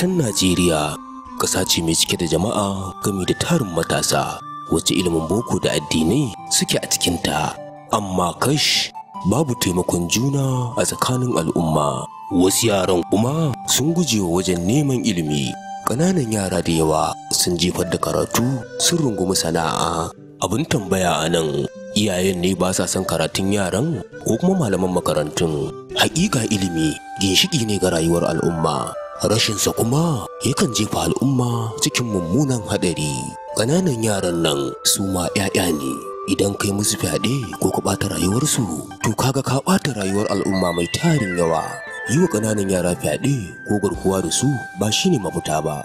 ƙasar Najeriya ƙasa ce mai cike da jama'a gami da tarin matasa wacce ilimin boko da addinai suke a ta. amma kash babu taimakon juna a tsakanin al'umma wasu yaran kuma sun gujewa wajen neman ilimi ƙananan yara da yawa sun jefar da karatu sun rungumi sana'a abin tambaya a nan iyayen ne ba sa son karatun yaran ko kuma malaman makarantun hakika ilimi ginshiƙi ne ga rayuwar al'umma rashinsa kuma yakan jefa al'umma cikin mummunan haɗari ƙananan yaran nan su ma 'ya'ya ne idan kai musu fyaɗe ko ka ɓata rayuwarsu to kaga ka ɓata rayuwar al'umma mai tarin yawa yi wa ƙananan yara fyaɗe ko garkuwa da su ba shi ne mafuta ba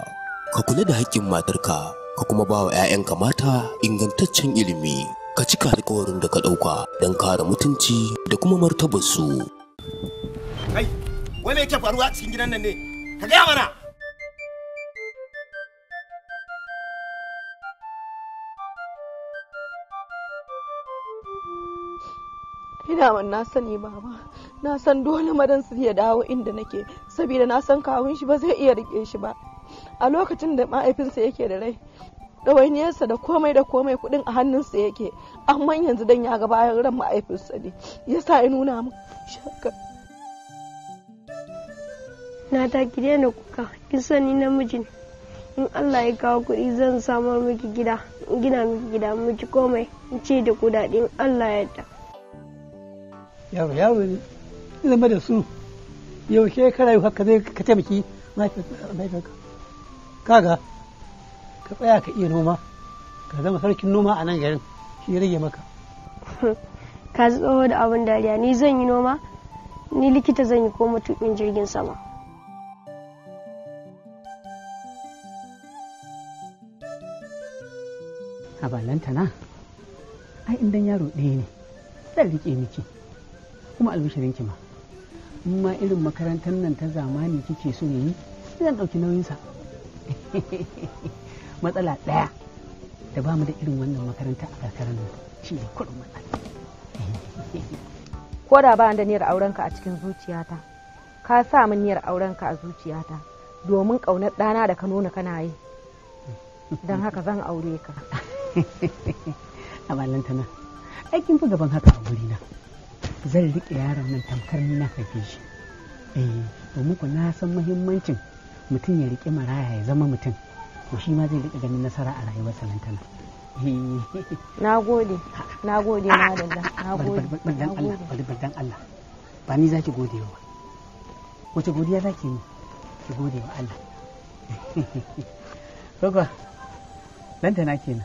ka kula da haƙƙin matarka ka kuma ba wa 'ya'yanka mata ingantaccen ilimi ka cika alƙawarin da ka ɗauka don kare mutunci da kuma martabarsu. kai wai yake faruwa cikin gidan nan ne ka gaya mana na sani baba, na san dole madan su ya dawo inda nake, saboda na san kawun shi ba zai iya rike shi ba. A lokacin da mahaifinsa yake da rai, ɗawainiyarsa da komai da komai kuɗin a hannunsa yake, amma yanzu dan ya ga bayan ran mahaifinsa ne, yasa ya nuna min shakar. na ta ki daina kuka in sani namiji in Allah ya kawo kuɗi zan samar miki gida gina miki gida miki komai in ce da kudaden Allah ya ta. yawo yawo ne zama da su yau ke kana yi haka zai ka taimaki mahaifinka kaga ka tsaya ka iya noma ka zama sarkin noma a nan garin shi rage maka ka tsoho da abin dariya ni zan yi noma ni likita zan yi ko matuƙin jirgin sama a balanta na ai in dan yaro ɗaya ne zan rike miki kuma albishirin ma ma irin makarantar nan ta zamani kike so yi zan ɗauki nauyinsa matsala ɗaya da ba mu da irin wannan makaranta a karkarar nan shi ne kuɗin matsala ko da ba da niyyar aurenka a cikin zuciyata ka sa min niyyar aurenka a zuciyata domin ƙaunar ɗana da ka nuna kana yi don haka zan aure ka a balanta nan aikin fi gaban haka a wuri na zan riƙe yaron nan tamkar ni na haife shi eh domin ku na san muhimmancin mutum ya riƙe maraya ya zama mutum to shi ma zai riƙe ganin nasara a rayuwar salantana eh. na gode na gode ah! na dalla na gode dan Allah dan Allah ba ni zaki gode wa wace godiya zaki yi ki gode wa Allah Rogo, nan kenan.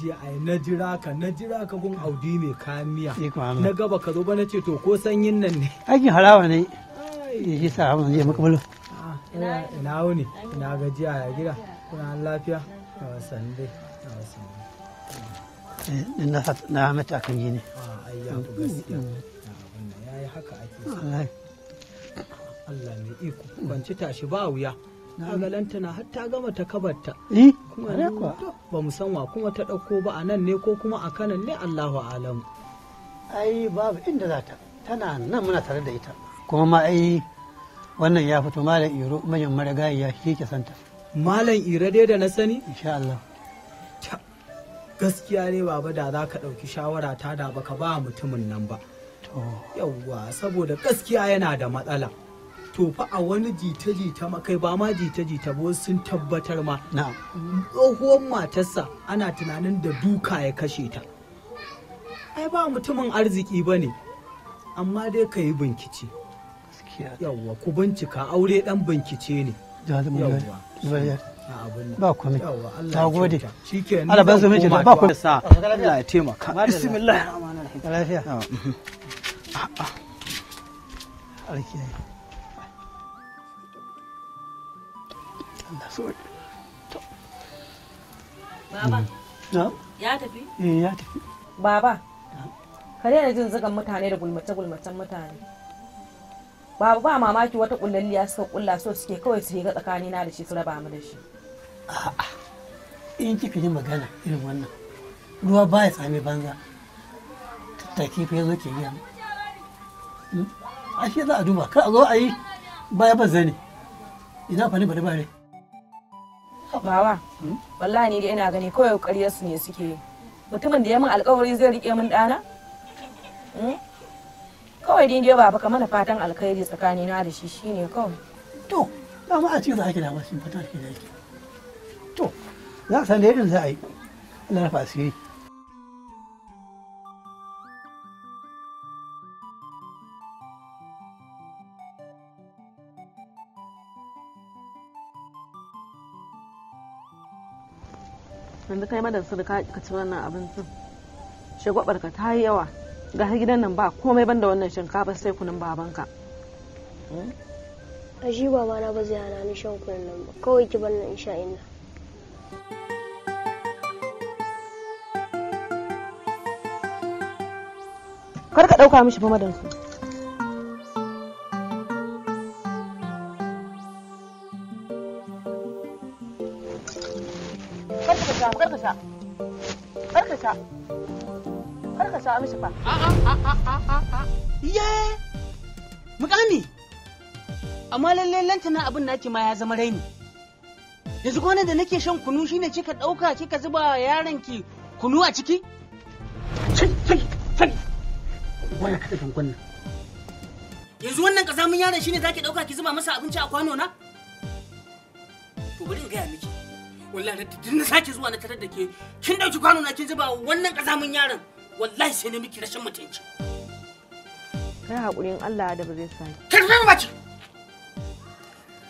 ji a na jira ka na jira ka gun audi mai kamiya na gaba ka zo ba na ce to ko sanyin nan ne aikin harawa ne ya shi sa hamu je maka bulu ah, ina wuni ina ga gajiya ya gida kuna an lafiya na wasan dai eh, na wasan na hamata kan yi ne ah, a ayyaku gaskiya ah, ya yi haka ake Allah mai iko Ban ci tashi ba wuya Na lantana har ta gama ta kabarta eh, kuma ba mu san wa kuma ta ɗauko ba a nan ne ko kuma a kanan ne Allahu alamu ai babu inda za ta tana nan muna tare da ita kuma ma ai wannan ya fito malam iro mijin marigayi ya shi ke santa malam iro dai da na sani insha Allah gaskiya ne baba da za ka ɗauki shawara ta da baka ba mutumin nan ba yawwa saboda gaskiya yana da matsala to fa a wani jita-jita makai ba ma jita-jita ba sun tabbatar ma tsohuwar matarsa ana tunanin da duka ya kashe ta ai ba mutumin arziki ba ne amma dai ka yi binkici yawwa ku bincika aure dan binkice ne ba ta gode ala ba su ba sa Allah ya taimaka bismillah lafiya Baba. Ya tafi? Eh ya tafi. Baba. Ka daina jin zagan mutane da gulmace-gulmacen mutane. Baba ba mamaki wata kullalliya suka kulla so suke kawai su ga tsakanina da shi su raba mu da shi. A'a. In kika yi magana irin wannan. Ruwa ba ya tsami banza. Tattaki fa yazo ke yi hmm? Ashe za a duba, ka a zo a yi baya ba zane. Ina fa ni bare bare. mama hmm? wallahi ni dai ina gani kawai ƙaryar su ne suke yi mutumin da ya min alƙawari zai rike min ɗana hmm? kawai din dai baba ka mana fatan alkhairi tsakani na da shi shine kawai to ba ma a ce za ki da shi fata ki da ki to za a san da yadda za a yi Allah na fasiri yanzu kai madan su da ka ci wannan abincin shagwabar ka ta yi yawa ga gidan nan ba komai banda wannan shinkafa sai kunun babanka hmm? a shi ba na ba zai hana ni shan kunin nan ba kawai ki bar nan sha kar ka dauka mishi fa madan su mishi fa ye mukami amma lallai lantana abin nake ma ya zama raini yanzu gwanan da nake shan kunu shine kika ɗauka kika zuba yaron ki kunu a ciki Sai, sai, sai! Wannan kada kan gwannan yanzu wannan kazamin yaron shine zaki ɗauka ki zuba masa abinci a kwano na to bari in gaya miki wallahi na sake zuwa na tarar da ke kin ɗauki kwano na kin zuba wannan kazamin yaron wallahi sai ne miki rashin mutunci kai haƙurin Allah da ba zai sani karfin bace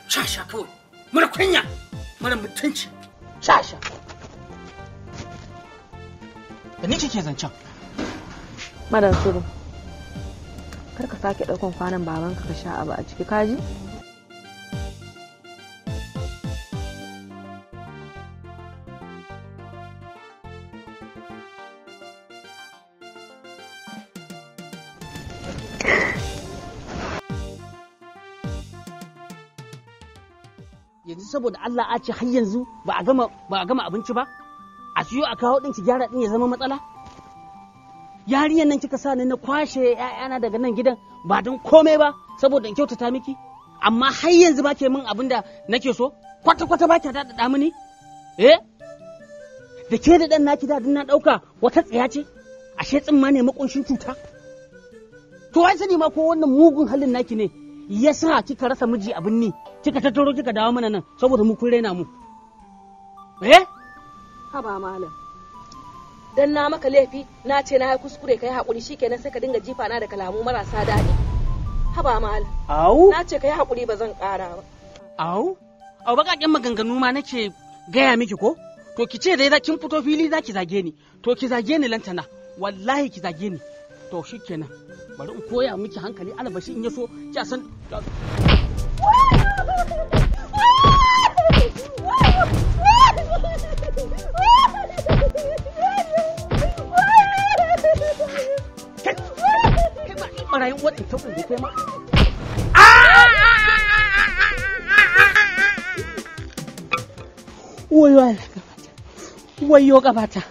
sha sha kawai mara kunya mara mutunci Shasha. da ni kike zancen madan suru kar ka sake ɗaukan kwanan babanka ka sha abu a ciki kaji yanzu saboda Allah a ce har yanzu ba a gama ba gama abinci ba a siyo a kawo din ki gyara din ya zama matsala yariyan nan kika sa ni na kwashe ‘ya’yana daga nan gidan ba don komai ba saboda in kyautata miki amma har yanzu ba ke min abin da nake so kwata kwata ba ke daɗaɗa mini eh da ke da ɗan naki da na ɗauka wata tsaya ce ashe tsimma ne makunshin cuta to ai sani ma ko wannan mugun halin naki ne yasa kika rasa miji a binni kika tattaro kika dawo mana nan saboda mu kun raina mu eh ba malam dan na maka laifi na ce na hai kuskure kai hakuri shikenan sai ka dinga jifa na da kalamu marasa daɗi ba malam au na ce kai hakuri ba zan ƙara ba au au bakaƙen maganganu ma nake gaya miki ko to ki ce dai kin fito fili za ki zage ni to ki zage ni lantana wallahi ki zage ni to kenan bari in koya miki hankali albashi in ya so san wayo wayo gabata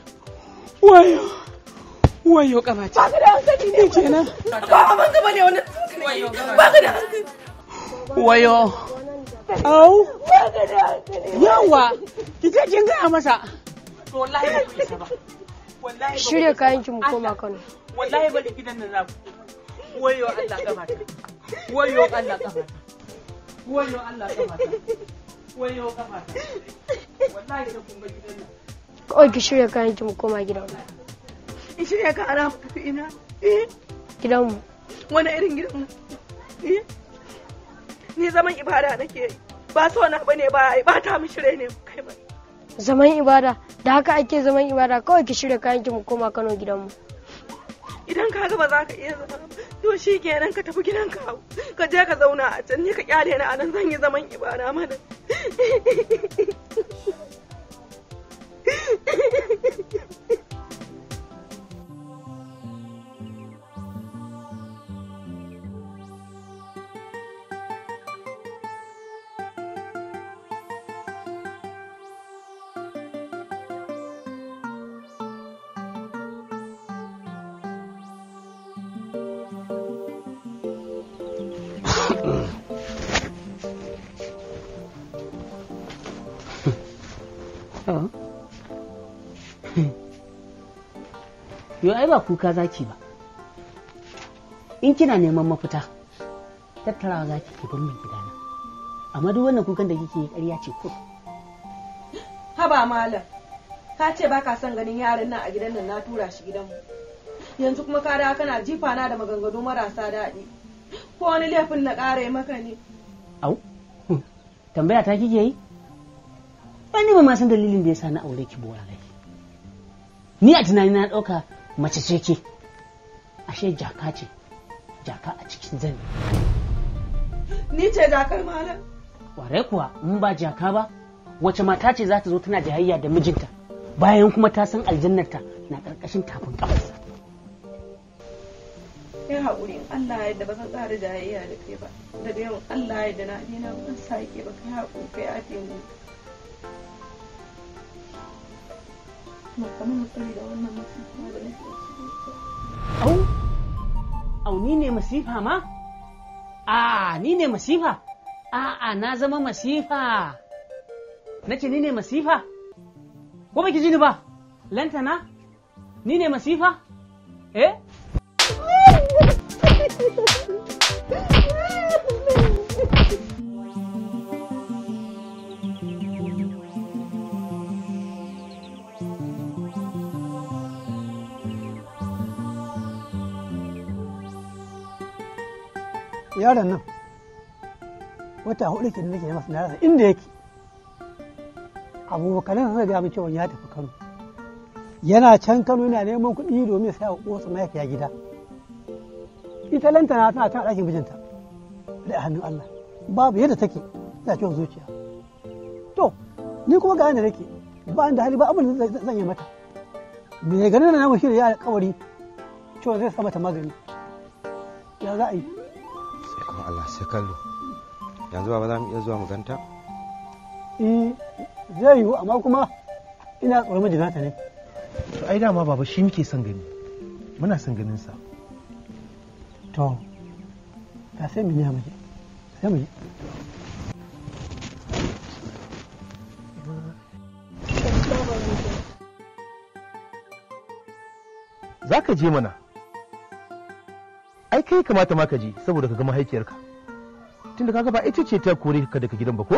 wayo wayo kama ce ba ka da hankali ne kenan ba abin ka bane wannan ba ka da hankali au ba ka da hankali yawa ki ce kin gaya masa wallahi ba ku isa ba kayan ki mu koma Kano wallahi ba nan Allah kamata. ta Allah kamata. ta wayo Allah kama ta yau kama wallahi da kun ga gidan nan kawai ki shirya kayan ki mu koma gidan in shirya ka eh. gidanmu wani irin gidanmu eh. ni zaman ibada nake ba so na bane ba ai ta ne kai ba zaman ibada da haka ake zaman ibada kawai ki shirya kayan ki mu koma Kano gidanmu idan ka ga ba za ka iya zama to shi kenan ka tafi gidan ka ka je ka zauna a can ne ka kyale ni a nan zan yi zaman ibada mana to yo ai ba kuka zaki ba in kina neman mafita tattarawa zaki ki bar mai gidana amma duk wannan kukan da kike yi ƙarya ce ko haba malam ka ce ba ka son ganin yaran nan a gidan nan na tura shi gidanmu yanzu kuma ka dawo kana jifa na da maganganu marasa daɗi ko wani laifin na ƙara maka ne au tambaya ta kike yi ba ni ba ma san dalilin da ya sa na aure ki ba ni a tunani na dauka mace ce ke ashe jaka ce jaka a cikin zani ni ce jakar malam kwarai kuwa in ba jaka ba wace mata ce za ta zo tana jayayya da mijinta bayan kuma ta san aljannarta na karkashin tafin kafarsa ya haƙuri Allah ya da ba zan tsara jayayya da kai ba daga yau Allah ya da na ba ban sake ba kai haƙuri kai afe mu Au, au ni ne masifa ma? A ni ne masifa? A'a na zama masifa. Nace ni ne masifa? Ko baki ji ni ba? Lantana? Ni ne masifa? Eh? yaron nan wata hudu ke nake masa na rasa inda yake Abubakar nan zai min cewa ya tafi kano yana can kano yana neman kuɗi domin sai wa ƙosa mahaifiya gida ita na tana ta ɗakin mijinta da hannun Allah babu yadda take za ciwon zuciya to ni kuma ga da nake ba da hali ba abin da zan yi mata me ganin na namu shi da ya alƙawari cewa zai sa mata magani ya za a yi ikon Allah sai kallo yanzu ba za mu iya zuwa mu ganta eh zai yiwu amma kuma ina tsoron mijinata ne to ai dama baba shi muke son gani muna son ganin sa to ta sai mu ya muje sai mu za ka je mana ai kai kamata ma ka ji saboda ka ga mahaifiyarka tunda kaga ba ita ce ta kore ka daga gidan ba ko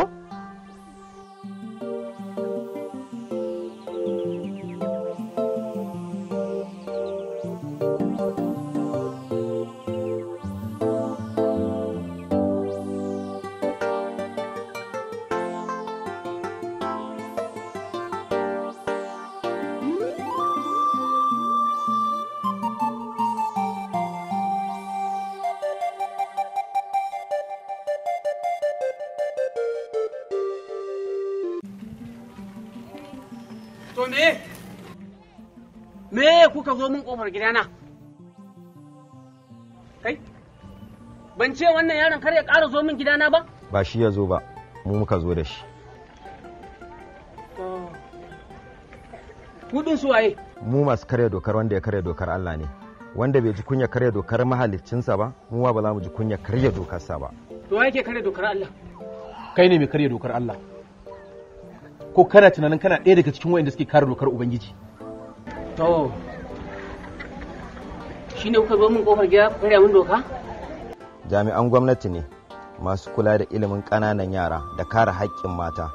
kuka zo mun kofar gidana kai ban ce wannan yaron kar ya ƙara zo min gidana ba ba shi ya zo ba mu muka zo da shi kudin su waye mu masu karya dokar wanda ya karya dokar Allah ne wanda bai ji kunya karya dokar mahaliccinsa ba mu ba za mu ji kunya karya dokarsa ba to wa yake karya dokar Allah kai ne mai karya dokar Allah ko kana tunanin kana ɗaya daga cikin wayanda suke kare dokar ubangiji to ne kuka zo min kofar gida kuka mun doka jami'an gwamnati ne masu kula da ilimin ƙananan yara da kare haƙƙin mata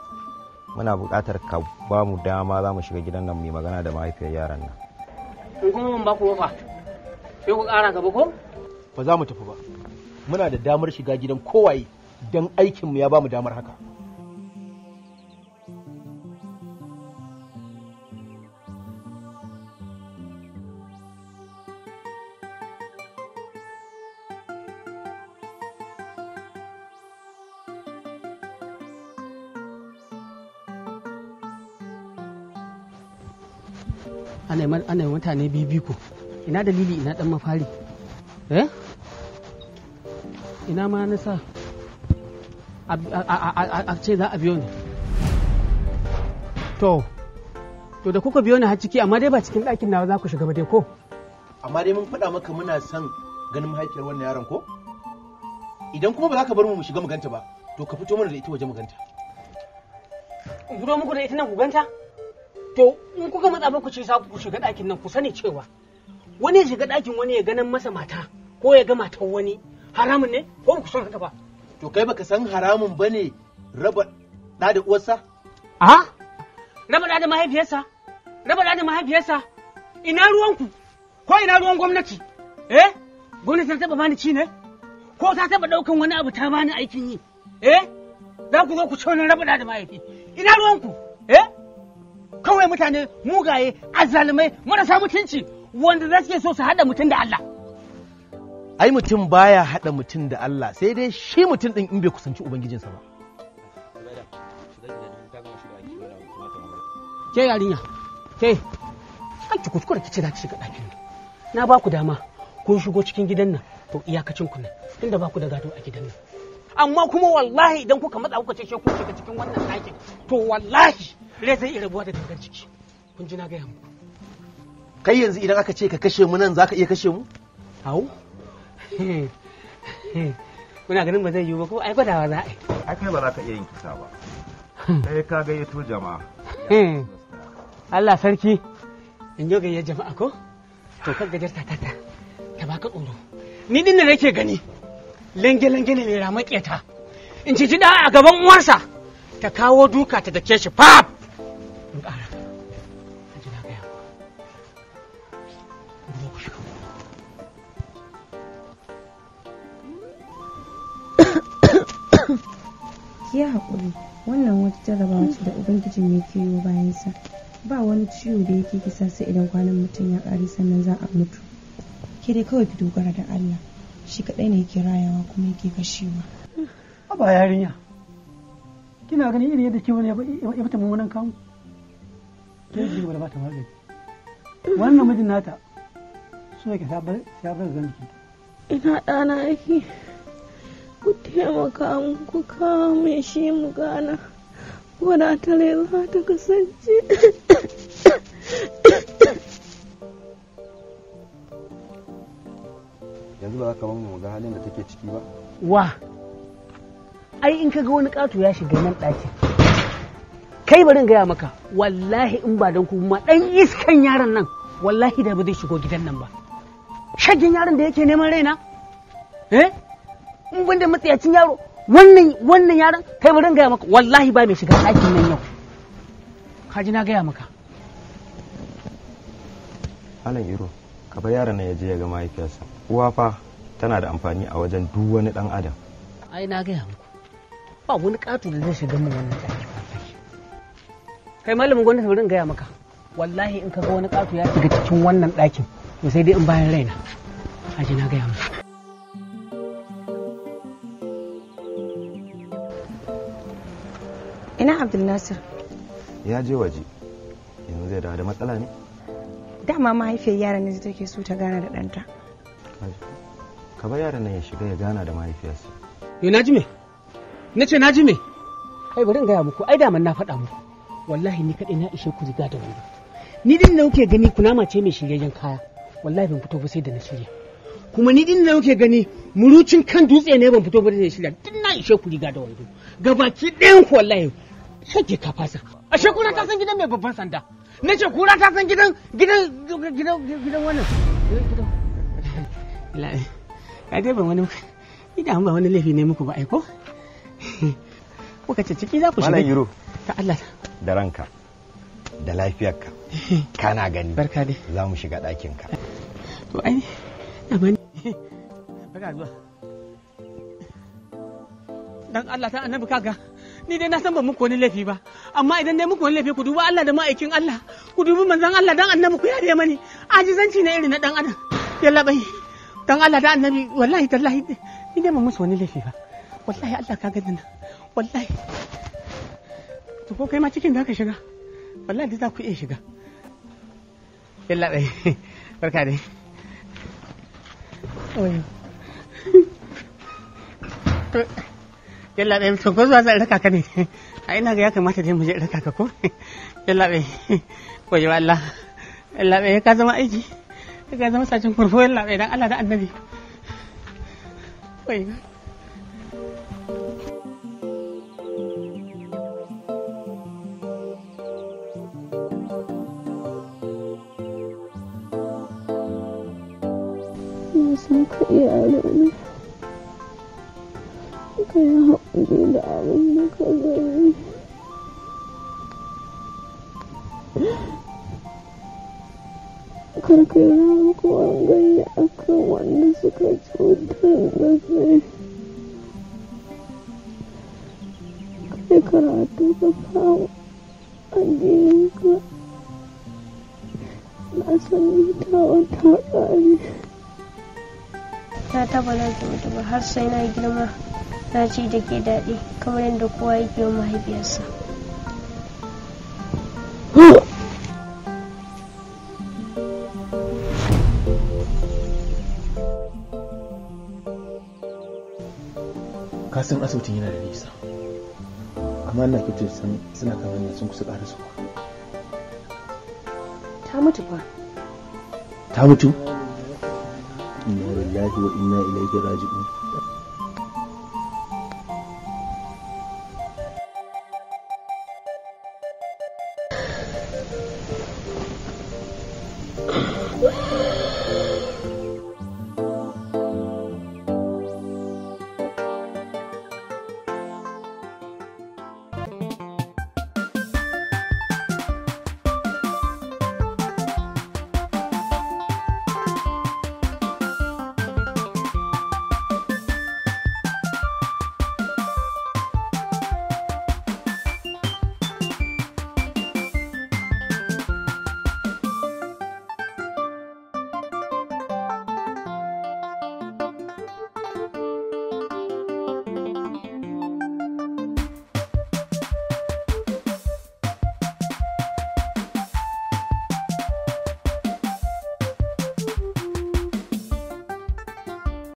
muna buƙatar ka ba mu dama za mu shiga gidan nan mai magana da mahaifiyar yaran nan in kuma mun ba ku wafa sai ku ƙara gaba ko ba za mu tafi ba muna da damar shiga gidan kowaye don aikinmu ya ba mu damar haka ana yi mutane bibiko ina dalili ina dan mafari eh ina ma nasa a ce za a biyo ni to to da kuka biyo ni har ciki amma dai ba cikin ɗakin nawa za ku shiga ba dai ko amma dai mun faɗa maka muna son ganin mahaifiyar wannan yaron ko idan kuma ba za ka bar mu mu shiga mu ganta ba to ka fito mana da ita waje mu ganta in muku da ita nan ku ganta to in kuka matsa ba ku ce za ku shiga ɗakin nan ku sani cewa wani ya shiga ɗakin wani ya ganin masa mata ko ya ga matan wani haramun ne ko ku san haka ba to kai baka san haramun ba ne raba ɗa da uwarsa a raba ɗa da mahaifiyarsa raba ɗa da mahaifiyarsa ina ruwanku ko ina ruwan gwamnati eh gwamnati ta taba bani ci ne ko ta taba ɗaukan wani abu ta bani aikin yi eh za ku zo ku ci wani raba ɗa da mahaifi ina ruwanku eh kawai mutane mugaye azzalumai marasa mutunci wanda za su so su haɗa mutum da Allah ai mutum baya haɗa mutum da Allah sai dai shi mutum ɗin in bai kusanci ubangijinsa ba ke yarinya ke an ci kuskura ki ce za ki shiga ɗakin na ba ku dama kun shigo cikin gidan nan to iyakacin ku ne inda ba ku da gado a gidan nan amma kuma wallahi idan kuka matsa kuka ce ku shiga cikin wannan ɗakin to wallahi rai zai iya rabuwa da gangan ciki kun ji na gaya mu kai yanzu idan aka ce ka kashe mu nan zaka iya kashe mu hau kuna ganin ba zai yiwu ba ko ai gwadawa za a yi ai kai ba za ka iya yin kisa ba kai ka gayyato jama'a Allah sarki in yi gayyar jama'a ko to kan gajar ta ta ta baka tsoro ni din da nake gani lange lange ne mai ƙeta in ci ji da a gaban uwarsa ta kawo duka ta dake shi fab in ƙara haƙuri wannan wata jarrabawa ce da ubangijin ya keyo bayansa ba wani ciwo da yake kisa sai idan kwanan mutum ya ƙari sannan za a mutu ke dai kawai ki dogara da Allah shi kaɗai ne yake rayawa kuma yake kashewa ba yarinya kina ganin irin yadda wani ya bata mummunan kamu sai su da bata magani wannan mijin nata su yake sabar sabar zan jiki ina ɗana yake ku taimaka mu ku kawo mai shi mu gana wadatare za ta kasance yanzu ba za ka mu ga halin da take ciki ba wa ai in ka ga wani ƙato ya shiga nan ɗakin kai bari gaya maka wallahi in ba don kuma dan iskan yaron nan wallahi da ba zai shigo gidan nan ba shagin yaron da yake neman raina eh in ban da matsayacin yaro wannan wannan yaron kai bari gaya maka wallahi ba mai shiga ɗakin nan yau kaji na gaya maka Alan Iro ka bar yaron nan ya je ya ga mahaifiyarsa uwa fa tana da amfani a wajen duk wani dan adam ai na gaya maka ba wani katu da zai shiga mu wannan kai malamin gwamnati bari in gaya maka wallahi in kaga wani ƙato ya shiga cikin wannan ɗakin to sai dai in bayan raina aje na gaya maka ina abdulnasir ya je waje yanzu zai dawo da matsala ne dama mahaifiyar yaran ne take so ta gana da ɗanta ka bar yaran nan ya shiga ya gana da mahaifiyarsa yo na ji me na ce na ji me kai bari in gaya muku ai daman na faɗa muku wallahi ni kaɗai na ishe ku riga da wani ni din da kuke gani kunama ce mai shiryayyen kaya wallahi ban fito ba sai da na shirya kuma ni din da kuke gani murucin kan dutse ne ban fito ba da na shirya din na ishe ku riga da wani gabaki ɗayan ku wallahi shake ka fasa ashe kuna ta san gidan mai babban sanda na ce kura ta san gidan gidan gidan gidan wannan ya dai ban wani idan ba wani laifi ne muku ba aiko kuka ce ciki za ku shiga ta Allah da ranka da lafiyarka kana gani barka dai za mu shiga ɗakinka to ai daban barka zuwa dan Allah ta annabi kaga ni dai na san ba muku wani laifi ba amma idan dai muku wani laifi ku duba Allah da ma'aikin Allah ku dubi manzon Allah dan annabi ku yare mani ajizanci na irin na dan adam yalla bai dan Allah da annabi wallahi tallahi ni dai ba musu wani laifi ba wallahi Allah kaga dana wallahi to ko kai ma cikin da ka shiga wallahi da za ku iya shiga yalla dai barka dai yalla dai to ko za zan raka ka ne a ina ga ya kamata dai mu je raka ka ko yalla dai ko ya Allah yalla dai ka zama aiki ka zama sacin kurfo yalla dai dan Allah da annabi wai ka iyalai ka yi haƙuri da abin da ka gani karka yi ramukuwan gani a kan wanda suka cutar da kai kai karatu ka kawo addininka na san ta wata ƙari na taba na mutu ba har sai na girma na ci da ke daɗi kamar yadda kowa yake wa mahaifiyarsa kasan asibitin yana da nisa amma na fitar suna kamar hanyar sun kusa ƙara su. ta mutu ba ta mutu إنا لله وإنا إليه راجعون